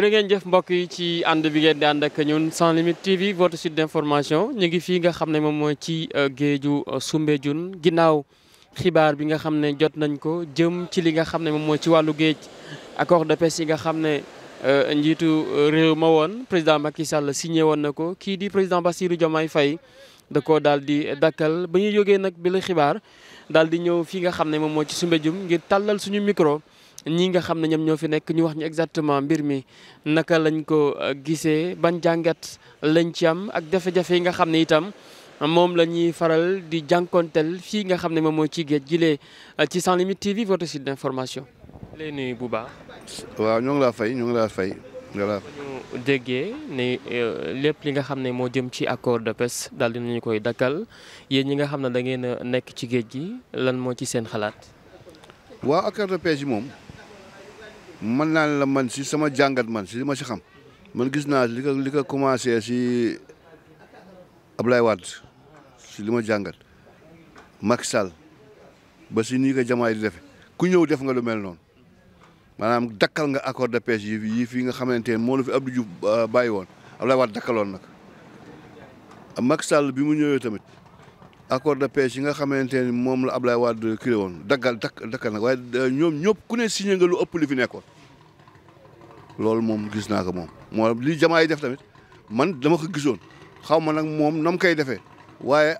jërë ngeen jëf mbokk yi ci ànd bi ngeen di ànd ak ñun sans limite TV votre site d'information ñu ngi fii nga xam ne moom mooy ci euh, géeju euh, Soumbédioune ginnaaw xibaar bi nga xam ne jot nañ ko jëm ci li nga xam ne moom mooy ci wàllu géej accord de pêche yi nga xam ne euh, njiitu réew ma woon président Macky Sall signé woon na ko kii di président Bassirou Diomaye Faye da ko daal di dakkal ba ñu jógee nag bi la xibaar daal di ñëw fii nga xam ne moom moo ci Soumbédioune ngir tàllal suñu micro. ñi nga xam ne ñoom ñoo fi nekk ñu wax ñu exactement mbir mi naka lañ ko euh, gisee ban jàngat lañ ci am ak jafe-jafe yi nga xam ne itam moom la ñuy faral di jànkonteel fii nga xam ne moom mooy ci géej gilee euh, ci Sans Limites TV votre bu baax. waaw ñoo ngi laa fay ñoo ngi ne euh, lépp li nga xam ne moo jëm ci accord de pêche daal dinañu koy dakkal yéen ñi nga xam ne da ngeen nekk ci géej gi lan moo ci seen xalaat. waaw accord de pêche yi moom mën naa la man si sama jàngat man si li ma si xam man gis naa li ko li ko commencé si Ablaye Wade si li ma jàngat mak Sall ba si nii ko jamaay di def ku ñëw def nga lu mel noon maanaam dakkal nga accord de pêche yi yi fii nga xamante ne moo la fi Abdou Diouf euh, bàyyi woon Ablaye Wade dakkaloon nag Macky Sall bi mu ñëwee tamit accord de pêche yi nga xamante ni moom la Ablaye Wade créé woon daggal dakk dakkal nag waaye euh, ñoom ñëpp ku ne signé nga lu ëpp li fi nekkoon loolu moom gis naa ko moom moo li jamaa yi def tamit man dama ko gisoon xaw ma nag moom nam koy defee waaye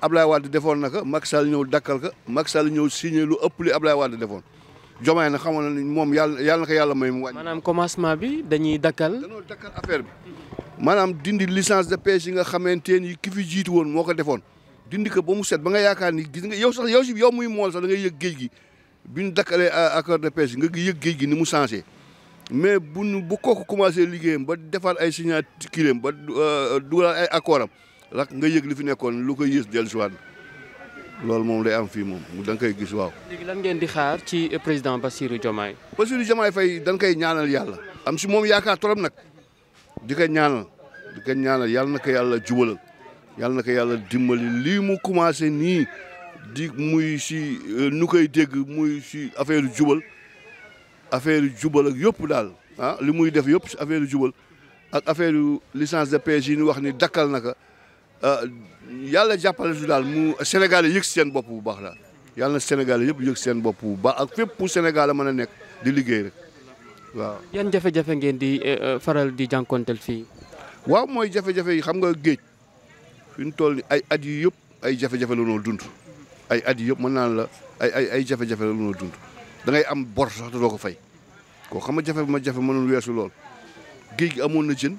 Ablaye Wade defoon na ko Macky Sall ñëw dakkal ko Macky Sall ñëw signé lu ëpp li Ablaye Wade defoon jomaay na xamoon na moom yàlla yàlla yàlla may mu wàññi. maanaam commencement bi dañuy dakkal. dañoo dakkal affaire bi maanaam dindi licence de pêche yi nga xamante ni ki fi jiitu woon moo ko defoon. dindi ko ba mu set ba nga yaakaar ni gis nga yow sax yow si yow muy mool sax da ngay yëg géej gi bi ñu dakkalee accord de pêche nga yëg géej gi ni mu changé mais bu nu bu kooku commencé liggéeyam ba defar ay signaturam ba euh, dugal ay accord am rak nga yëg li fi nekkoon lu koy yées dellusiwaat loolu moom lay am fii moom da nga koy gis waaw. léegi lan ngeen di xaar ci président Bassirou Diomaye. Bassirou Diomaye Faye dañ koy ñaanal yàlla. am si moom yaakaar trop nag di ka ñaanal di ko ñaanal yàlla na ko yàlla jubalal. yàlla na ko yàlla dimbali lii mu commencé nii di muy si euh, nu koy dégg muy si affaire jubal affaire jubal ak yëpp daal ah li muy def yëpp si affaire jubal ak affaire licence de pêche yi ñu wax ni dakkal na ko ah, yàlla jàppale su daal mu Sénégal yëg seen bopp bu baax daal yàlla na Sénégal yëpp yëg seen bopp bu baax ak fépp pour Sénégal mën a nekk di liggéey rek waaw. yan jafe-jafe ngeen di euh, euh, faral di jànkonteel fii. waaw mooy jafe-jafe yi xam nga géej fi ñu toll ay at yëpp ay jafe-jafe la ay at yëpp mën naan la ay ay ay jafe-jafe la noo dund da ngay am bor sax te doo ko fay koo xam nga jafe ma jafe mënul weesu lool géej gi amoon na jën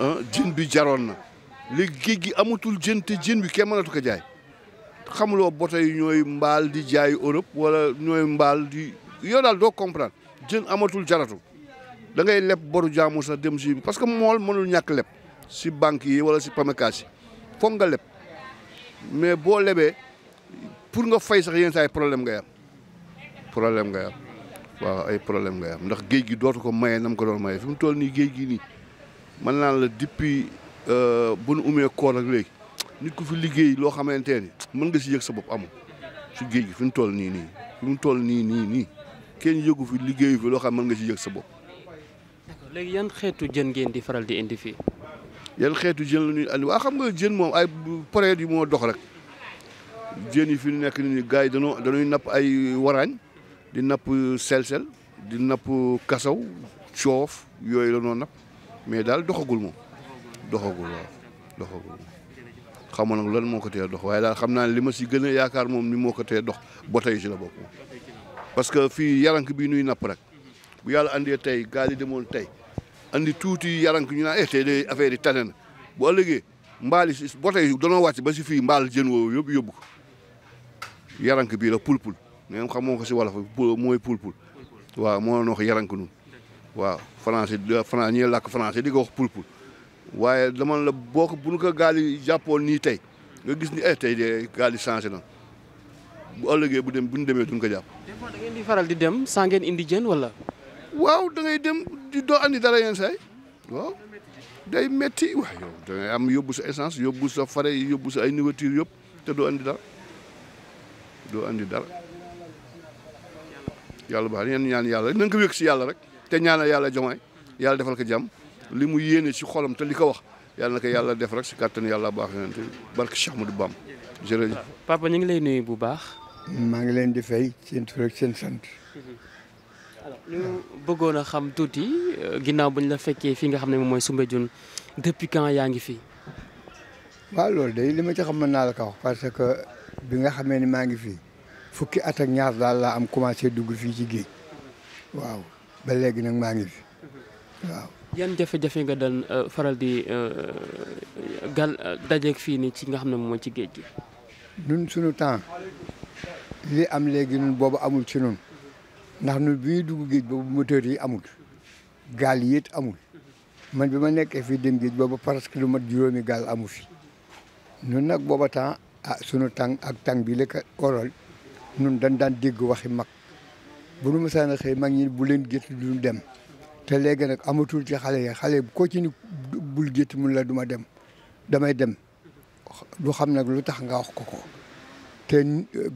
ah jën bi jaroon na léegi géej gi amatul jën te jën bi kenn mënatu ko jaay xamuloo boto yi ñooy mbaal di jaay Europe wala ñooy mbaal di yow daal doo comprendre jën amatul jaratu da ngay leb boru jaamu sax dem si parce que mool mënul ñàkk leb si banque yii wala si pamekaas yi foog nga leb mais boo lebee pour nga fay sax yenn saa ay problème nga am problème nga am waaw ay problème ngay am ndax géej gi dootu ko maye nam ko doon maye fi mu toll nii géej gi nii man naan la depuis euh, bu nu umee koor ak léegi nit ku fi liggéey loo xamante ni mën nga si yëg sa bopp amu si géej gi fi mu toll nii nii fi mu toll nii nii nii kenn yëgu fi liggéeyu fi loo xam mën nga si yëg sa bopp. léegi yan xeetu jën ngeen di faral di indi fii. yan xeetu jën la ñuy andi waa xam nga jën moom ay période yi moo dox rek jën yi fi ñu nekk nii gars yi dañoo dañuy napp ay waraañ di napp sel di napp kasaw coof yooyu la noo napp mais daal doxagul moom doxagul waaw doxagul moom xamoon nag lan moo ko tee dox waaye daal xam naa ne li ma si gën a yaakaar moom ni moo ko tee dox ba tey si la bokk parce que fii yarank bi nuy napp rek bu yàlla andee tey gaal yi demoon tey andi tuuti yarank ñu naan eh tey de affaire yi tane na bu ëllëgee mbaal yi boo tey ba si fii mbaal jën woo yëpp yóbbu ko yarank bii la pulpul ngeen xam moo ko si wolof mooy pulpul waaw moo doon wax yarank nun waaw français français ñi làkk di ko wax pulpul waaye dama la boo ko bu ñu ko gaal yi nii tey nga gis ni eh tey de gaal yi changé na bu ëllëgee bu dem bu ñu demee duñ ko jàpp. faral di dem saa ngeen indi jën wala. waaw da dem. doo andi dara yenn saay day metti waaw yow da am yóbbu sa essence yóbbu sa fare yóbbu sa ay nourriture yëpp te doo andi dara doo andi dara yàlla baax na ñaan yàlla rek na ko wékk si yàlla rek te ñaanal yàlla jomaay yàlla defal ko jàmm li mu yéene si xolam te li ko wax yàlla na ko yàlla def rek si kàttan yàlla baax na te barke Cheikh Ahmadou Bamba ñu ngi lay bu baax. maa ngi leen di fay seen tur ak seen sant. Mm-hmm. alors ñu bëggoon a xam tuuti euh, ginnaaw bu la fekkee fii nga xam ne moom mooy Soumbédioune depuis quand yaa ngi fii. waaw loolu de li ma ci xam mën naa la kaw parce que bi nga xamee ni maa ngi fii fukki at ak ñaar daal laa am commencé dugg fii ci géej waaw ba léegi nag maa ngi fi waaw. yan jafe-jafe nga daan euh, faral di euh, gal dajeeg fii nii ci nga xam ne moom mooy ci géej gi. ñun suñu temps li am léegi ñun boobu amul ci ñun. ndax nu bi ñuy dugg géej boobu moteur yi amul gaal yi amul man bi ma nekkee fii dem géej boobu presque lu mat juróomi gaal amu fi ñun nag booba temps ah sunu tàng ak tàng bi la ko oral ñun dañ daan dégg waxi mag bu nu mësaan a xëy mag ñi bu leen gétt duñu dem te léegi nag amatul ci xale yi xale ko ci ni bul gétt mun la duma dem damay dem du xam nag lu tax nga wax ko ko te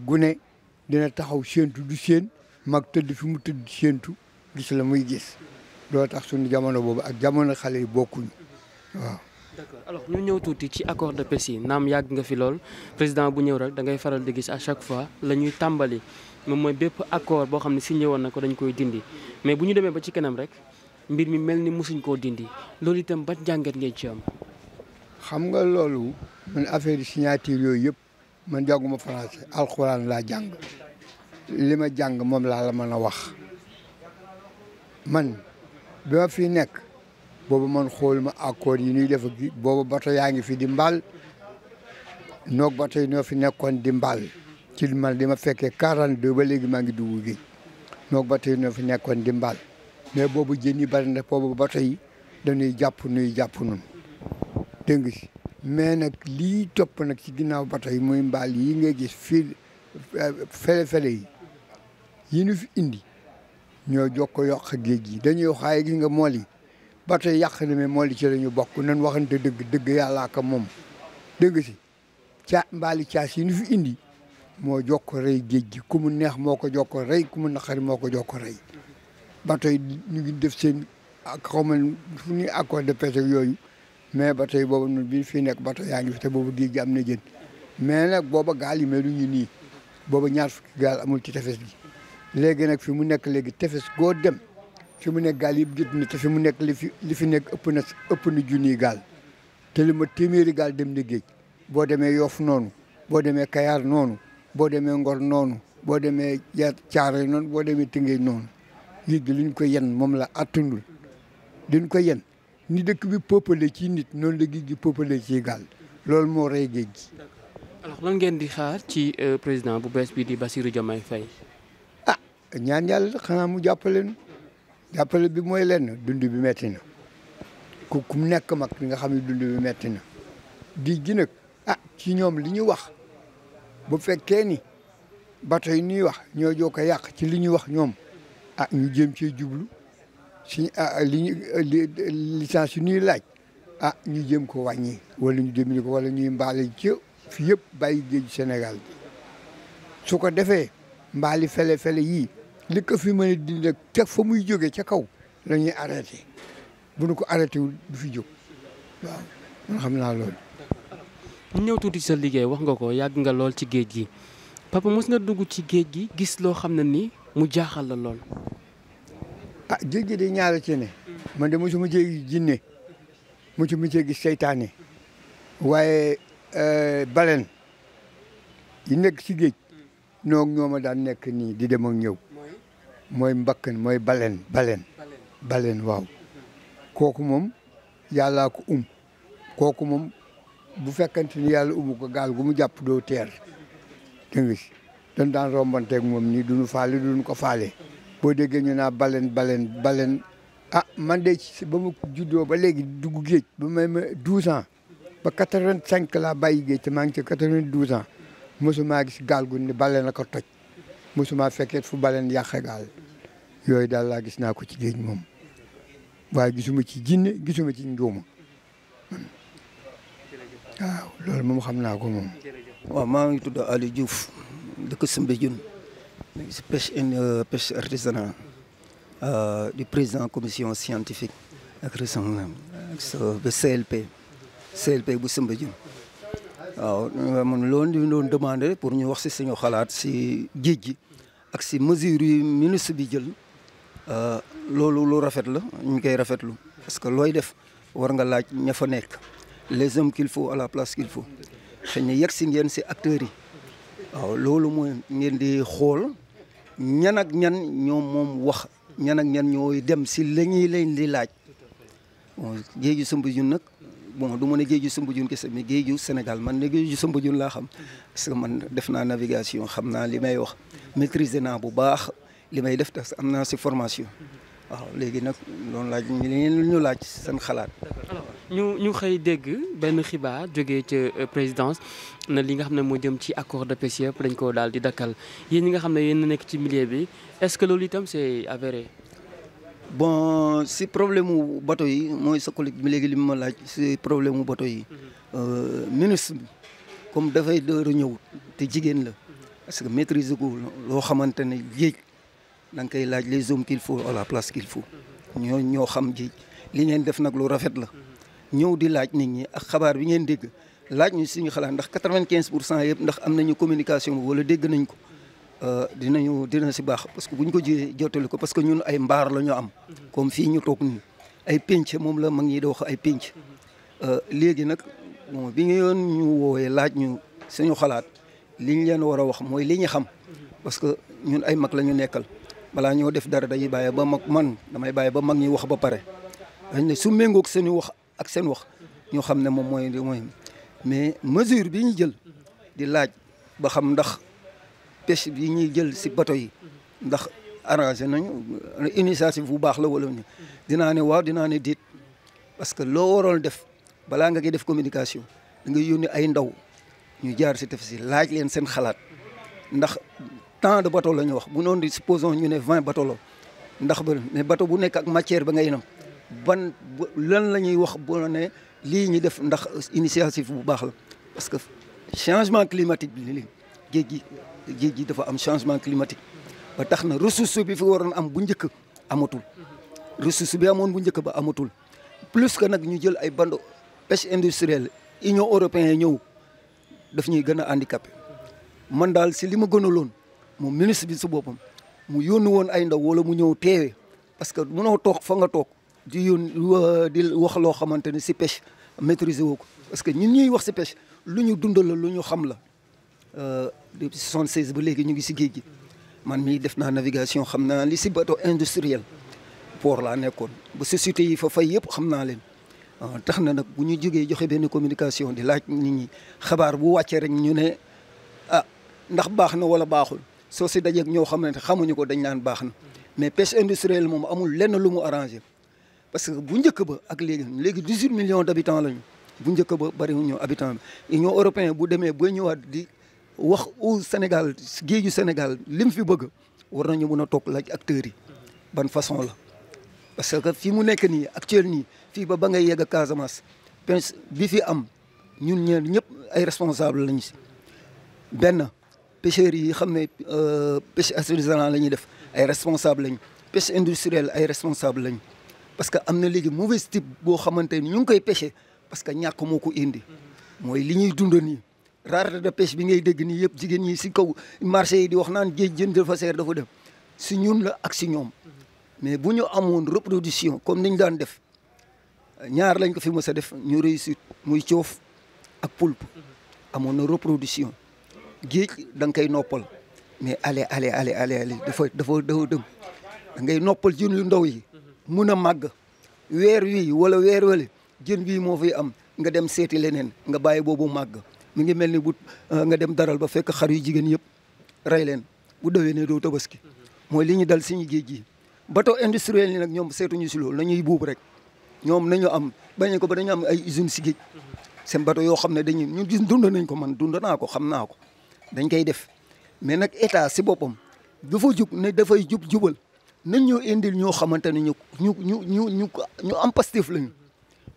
gune dina taxaw séentu du séen mag tëdd fi mu tëdd séentu gis la muy gis loolu tax suñu jamono boobu ak jamono xale yi bokkuñu waaw. d'accord alors ñu ñëw tuuti ci accord de paix yi naam yàgg nga fi lool président bu ñëw rek da ngay faral di gis à chaque fois la ñuy tàmbali moom mooy bépp accord boo xam ne si woon na ko dañu koy dindi mais bu ñu demee ba ci kanam rek mbir mi mel ni mosuñ koo dindi loolu itam ban jàngat ngay ci am. xam nga loolu man affaire signature yooyu yëpp man jànguma français alxuraan laa jàng. li ma jàng moom laa la mën a wax man bi ma fi nekk boobu man ma accord yi ñuy def a ak boobu bato yaa ngi fi di mbaal noog bato yi ñoo fi nekkoon di mbaal ci man li ma fekkee 42 ba léegi maa ngi dugg géej noog bato yi fi nekkoon di mais boobu jën yi bari na boobu bato yi dañuy jàpp nuy jàpp nun dégg mais nag lii topp nag ci ginnaaw bato yi muy mbaal yi nga gis fii fele fele yi yi ñu fi indi ñoo jokkoo yàq géej gi dañuy wax gi nga mool yi ba tey yàq na mais mooli yi ci la ñu bokk nan waxante dëgg dëgg yàllaa ko moom dëgg si ca mbaali caas yi ñu fi indi moo jokkoo rey géej gi ku neex moo ko jokkoo rey ku mu naqari moo ko jokkoo rey ba tey ñu ngi def seen ak xaw ma fu ñuy accord de yooyu mais ba tey boobu noonu bi fii nekk ba tey te boobu géej gi am na mais nag booba gaal yi mel ni ñu nii booba ñaar fukki gaal amul ci tefes gi. léegi nag fi mu nekk léegi tefes goo dem fi mu nekk gaal yëpp jot na fi mu nekk li fi li fi nekk ëpp na ëpp na junniy gaal te li ma téeméeri gaal dem na géej boo demee yof noonu boo demee Kayaar noonu boo demee Ngor noonu boo demee ja noonu boo demee Tëngéej noonu géej gi liñ ko yen moom la attundul liñ ko yen ni dëkk bi peuplé ci nit noonu la gi gi peuplé ci gaal loolu moo rey géej gi. alors ngeen di xaar ci euh, président bu bees bi di Bassirou Diomaye Faye. ñaan yàlla xanaa mu jàppale nu jàppale bi mooy lenn dund bi metti na ku ku nekk mag bi nga xam ne dund bi metti na di gi nag ah ci ñoom li ñu wax bu fekkee ni bato yi ñuy wax ñoo joo ko yàq ci li ñuy wax ñoom ah ñu jëm cee jublu si ah, li ñu licence yi ñuy laaj ah ñu jëm ko wàññi wala ñu jëm ko wala ñuy mbaale ci fi yëpp bàyyi géeju Sénégal bi su ko defee mbaali fele-fele yii li ko fi mën a dindi fa muy jóge ca kaw la ñuy arrêté bu nu ko arrêté wul du fi jóg waaw man xam naa loolu. ñëw tuuti sa liggéey wax nga ko yàgg nga lool ci géej gi papa mos nga dugg ci géej gi gis loo xam ne nii mu jaaxal la lool. ah géej gi de ñaara ci ne. man mu mosuma cee gis jinne mosuma cee gis seytaane waaye eh, baleine yi nekk ci géej noog ñoo ma daan nekk nii di dem ñëw. mooy mbakkan mooy baleen baleen baleen waaw kooku moom yàllaa ko um kooku moom bu fekkante ni yàlla umu ko gaal gu mu jàpp doo teer dégg nga si dañ daan moom nii duñu faale duñu ko faale boo déggee ñu naa baleen baleen baleen a ah, man de ci ba ma juddoo ba léegi dugu géej ba may ma douze ans ba quatre-vingt-cinq laa bàyyi géej te maa ngi ci quatre-vingt-douze ans mosumaa gis gaal gu ni baleen la ko toj mosumaa fekkee fu baleen yàqe gaal yooyu daal laa gis naa ko ci géej moom waaye gisuma ci jinne gisuma ci njuuma waaw loolu moom xam naa ko moom. waaw maa ngi tudd Aliou Diouf dëkk Soumbédioune nekk si pêche euh, pêche euh, di président commission scientifique ak recensement ak sa CLP CLP bu Soumbédioune waaw man loolu ñu doon pour ñu wax si suñu xalaat si géej gi ak si mesures yi ministre bi jël. Euh, loolu lu rafet la ñu koy rafetlu parce que looy def war nga laaj ña fa nekk les hommes qu'il faut à la place qu'il faut xëy na yegg si ngeen si acteurs yi waaw loolu mooy ngeen di xool ñan ak ñan ñoom moom wax ñan ak ñan ñooy dem si la ñuy leen di laaj bon géeju Soumbédioune nag bon du ma ne géeju Soumbédioune kese mais géeju Sénégal man ne géeju Soumbédioune laa xam parce que man def naa navigation xam naa li may wax maitriser naa bu baax li may def tax am naa si formation waaw léegi nag loolu laaj ñu leen ñu laaj seen xalaat. ñu xëy dégg benn xibaar jógee ca euh, présidence na li nga xam ne moo jëm ci accord de pêche yëpp koo daal di dakkal yéen ñi nga xam ne yéen nekk ci milieu bi est-ce que loolu itam c'est avéré. bon si problème mu bato yi mooy sa collègue léegi li ma laaj si problème mu bato yi. Mhm. Euh, ministre bi comme dafay door a ñëw te jigéen la. parce que maîtriser ko loo xamante ne da nga laaj les hommes qu'il faut à la place qu'il faut ñoo ñoo xam ji li ngeen def nag lu rafet la ñëw di laaj nit ñi ak xabaar bi ngeen dégg laaj ñu suñu xalaat ndax quatre-vingt-quinze pour cent yëpp ndax am nañu communication wala dégg nañ ko euh, dinañu dina si baax parce que bu ñu ko jiyee jottali ko parce que ñun ay mbaar la ñu am comme fii ñu toog nii ay pénc moom la mag ñi di wax ay pénc euh, léegi nag bon bi nga yoon ñu woowee laaj ñu suñu xalaat liñ leen war a wax mooy lii ñu xam parce que ñun ay mag la ñu nekkal balaa ñoo def dara dañuy bàyyi ba mag man damay bàyyi ba mag ñuy wax ba pare dañ ne su méngoog seen wax ak seen wax ñoo xam ne moom mooy mooy mais mesure bi ñu jël di laaj ba xam ndax pêche bi ñuy jël si bato yi ndax arrangé nañu initiative bu baax la wala ñu dinaa ne waaw dinaa ne déet parce que loo waroon def balaa nga koy def communication da nga yónni ay ndaw ñu jaar si tef si laaj leen seen xalaat ndax temps de bateau la ñu wax bu noonu di supposons ñu ne vingt bateau la ndax ba mais bato bu nekk ak matière ba ngay nam ban lan la ñuy wax boo ne lii ñu def ndax initiative bu baax la parce que changement climatique bi li géej gi géej gi dafa am changement climatique ba tax na ressource bi fi waroon am bu njëkk amatul ressource bi amoon bu njëkk ba amatul plus que nag ñu jël ay bando pêche industrielle union européenne ñëw daf ñuy gën a handicapé man daal si li ma gënaloon moom ministre bi si boppam mu yónni woon ay ndaw wala mu ñëw teewe parce que munoo toog fa nga toog di yónni di wax loo xamante ni si pêche maîtriser woo ko parce que ñun ñuy wax si pêche lu ñu dundal lu ñu xam la euh, depuis 76 ba léegi ñu ngi si géej gi man mii def naa navigation xam naa li si bateau industriel pour laa nekkoon ba société yi fa fay yëpp xam naa leen euh, tax na nag bu ñu jógee joxe benn communication di laaj ni ñi xabaar bu wàccee rek ñu ne ah ndax baax na wala baaxul soo si dajeeg ñoo xam ne xamuñu ko dañ naan baax na mais pêche industrielle moom amul lenn lu mu arrangé parce que bu njëkk ba ak léegi léegi 18 millions d' habitants lañu bu njëkk ba bari ñu habitant bi union européen bu demee ba waat di wax au Sénégal géeju Sénégal lim fi bëgg war ñu mën a toog laaj acteurs yi ban façon la parce que fii mu nekk nii actuel nii fii ba ba ngay yegg Casamance pêche bi fi am ñu ñeen ñëpp ay responsable lañu si benn pêcheurs yi xam ne euh, pêche artisanale la ñuy def ay responsable lañ pêche industrielle ay responsable lañ parce que am na léegi mauvaise type boo xamante ni ñu ngi koy pêché parce que ñàkk moo ko indi mooy li ñuy dund nii rareté de pêche bi ngay dégg nii yëpp jigéen ñi si kaw marché yi di wax naan géej jën dafa seer dem si ñun la ak si ñoom mais bu ñu amoon reproduction comme ni ñu daan def ñaar lañ ko fi mës a def ñu réussir muy coof ak pulpe amoon na reproduction géej da nga koy noppal mais allez allez allez allez allez dafa dafa dafa dem da ngay noppal yu ndaw yi mun a màgg weer wii wala weer wala jën wii moo fay am nga dem seeti leneen nga bàyyi boobu màgg mi ngi mel ni bu euh, nga dem daral ba fekk xar yu jigéen yëpp rey leen bu dawee ne doo tabaski mooy li ñu dal suñu géej gi bateau industriel yi nag ñoom seetuñu si loolu nañuy buub rek ñoom nañu am bañu ko ba dañu am ay usine si géej seen bateau yoo xam ne dañuy ñun gis dund nañ ko man dund dañ koy def mais nag état si boppam dafa jub ne dafay jub jubal nañ ñoo indil ñoo xamante ne ñu ñu ñu ñu ñu ñu am pastif lañu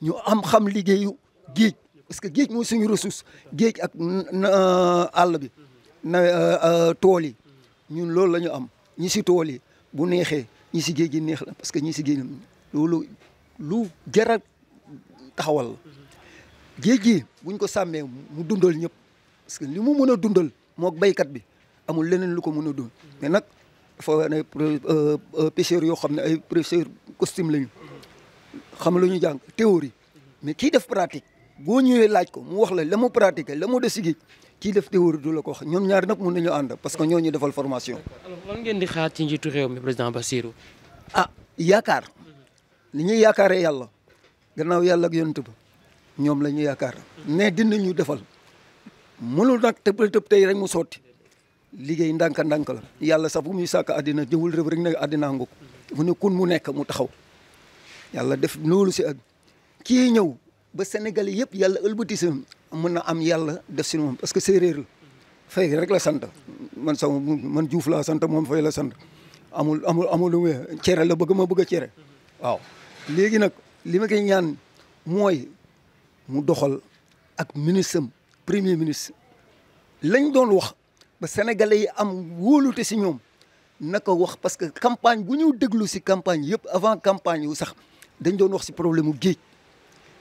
ñu am xam liggéeyu géej parce que géej mooy suñu ressource géej ak euh, àll bi na euh, euh, tool yi ñun loolu la am ñi si tool yi bu neexee ñi si géej gi neex la parce que ñi si géej loolu lu jaral taxawal la géej gi buñ ko sàmmee mu dundal ñëpp parce que li mu mën a dundal moo béykat bi amul leneen lu ko mën a doon mais nag dafa ne euh, euh, pêcheurs yoo xam ne ay pêcheurs costume lañu xam lu ñu jàng théorie mais kii def pratique boo ñëwee laaj ko mu wax la la mu pratiqué la mu des géej kii def théorie du la ko wax ñoom ñaar nag mun nañu ànd parce que ñoo ñu defal formation. alors lan ngeen di xaar ci njiitu réew mi président ah, yaakaar li ñuy yaakaaree yàlla gannaaw yàlla ak yonent ba ñoom la ñu yaakaar mais ñu defal. mënul nag tëbal tëb tey rek mu sotti liggéey ndànk ndànk la yàlla sax bu muy sàkk àddina jëwul rëb rek ne àddinaa nguk mu kun mu nekk mu taxaw yàlla def loolu si ak kii ñëw ba Sénégal yëpp yàlla ëlbati si mën na am yàlla def si moom parce que séeréer la fay rek la sant man sama man Diouf sant moom fay la sant amul amul amul lu cere la bëgg ma bëgg a cere waaw léegi nag li ma koy ñaan mooy mu doxal ak ministre premier ministre lañ doon wax ba sénégalais yi am wóolute si ñoom na ko wax parce que campagne bu ñu déglu si campagne yëpp avant campagne yu sax dañ doon wax si problème mu géej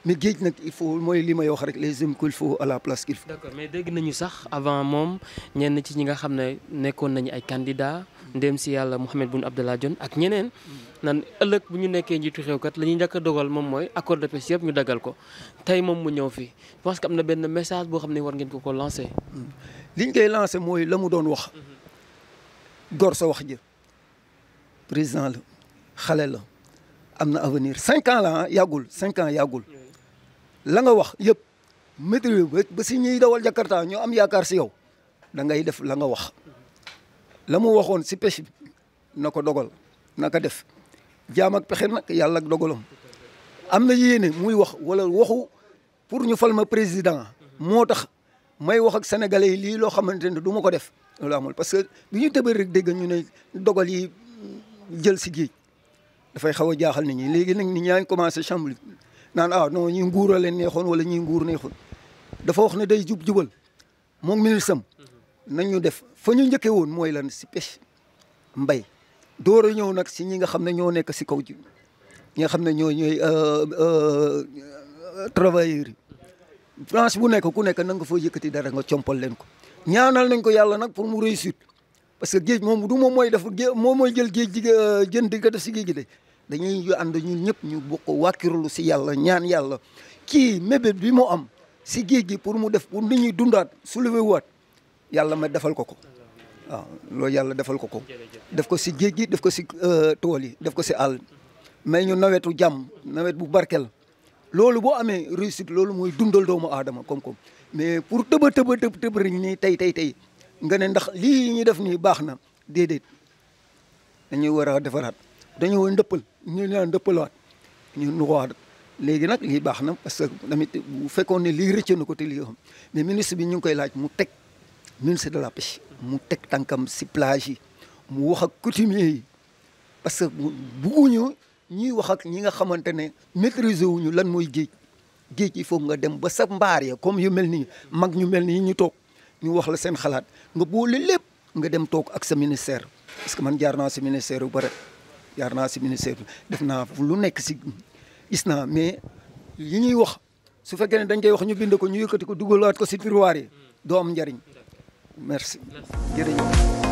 mais géej nag il faut mooy li may wax rek les hommes qu'il faut à la place qu'il faut. mais dégg nañu sax avant moom ñenn ci ñi nga xam ne nekkoon nañu ay candidats. ndéem si yàlla Mouhamed Boun Abdallah Dionne ak ñeneen nan ëllëg bu ñu nekkee njiitu réew kat la ñuy njëkk a dogal moom mooy accord de pêche yëpp ñu dagal ko tey moom mu ñëw fii parce que am na benn message boo xam ne war ngeen ko ko lancé. liñ koy lancé mooy la mu doon wax. gor sa wax ji président la xale la am na avenir cinq ans ah, yàggul cinq ans yàggul la nga wax yëpp maîtrise ba si ñuy dawal Jakarta ñoo am yaakaar si yow da def la nga wax. la mu waxoon si pexe na ko dogal na ko def jaam ak pexe nag yàlla ak dogalam am na yéene muy wax wala waxu pour ñu fal ma président moo tax may wax ak sénégalais lii loo xamante ne duma ko def loolu amul parce que bi ñu tëbër rek dégg ñu ne dogal yi jël si géej dafay xaw a jaaxal nit ñi léegi nag nit ñaa ngi commencé chambre naan ah non ñi nguur a leen neexoon wala ñi nguur neexoon dafa wax ne day jub jubal moom ministre am nañu def fa ñu njëkkee woon mooy lan si pêche mbay door ñëw nag si ñi nga xam ne ñoo nekk si kaw ji ñi nga xam ne ñoo ñooy euh, euh, travailleurs yi branche bu nekk ku nekk na nga fa yëkkati dara nga compal leen ko ñaanal nañ ko yàlla nag pour mu réussir parce que géej moom du moom mooy def moom mooy jël géej ji euh, jën si géej gi de dañuy ànd ñun ñëpp ñu bokk wàkkirlu si yàlla ñaan yàlla kii mébét bi mu am si géej gi pour mu def pour nit ñuy dundaat soulever waat yàlla ma defal ko ko loolu yàlla defal ko ko def ko si géej gi def ko si euh, tool yi def ko si àll mais ñu nawetu jàmm nawet bu barkel loolu boo amee réussite loolu mooy dundal doomu aadama koom-koom mais pour tëba tëba tëb tëb riñ nii tey tey tey nga ne ndax lii ñu def nii baax na déedéet dañuy war a defaraat dañoo ndëppal ñu naan ndëppalaat ñu nuwaat léegi nag lii baax na parce que tamit bu fekkoon ne lii rëcc na ko te lii xam mais ministre bi ñu ngi koy laaj mu teg ministre de la pêche mu teg tànkam si plage mu wax ak coutumier yi parce que bugguñu ñuy wax ak ñi nga xamante ne maîtriser wuñu lan mooy géej géej il foog nga dem ba sa mbaar ya comme yu mel ni mag ñu mel nii ñu toog ñu wax la seen xalaat nga boole lépp nga dem toog ak sa ministère. parce que man jaar naa si ministère yu bare jaar naa si ministère def naa lu nekk si gis naa mais yi ñuy wax su fekkee ne dañ koy wax ñu bind ko ñu yëkkati ko dugalaat ko si tiroir yi doo am njariñ merci jërëjëf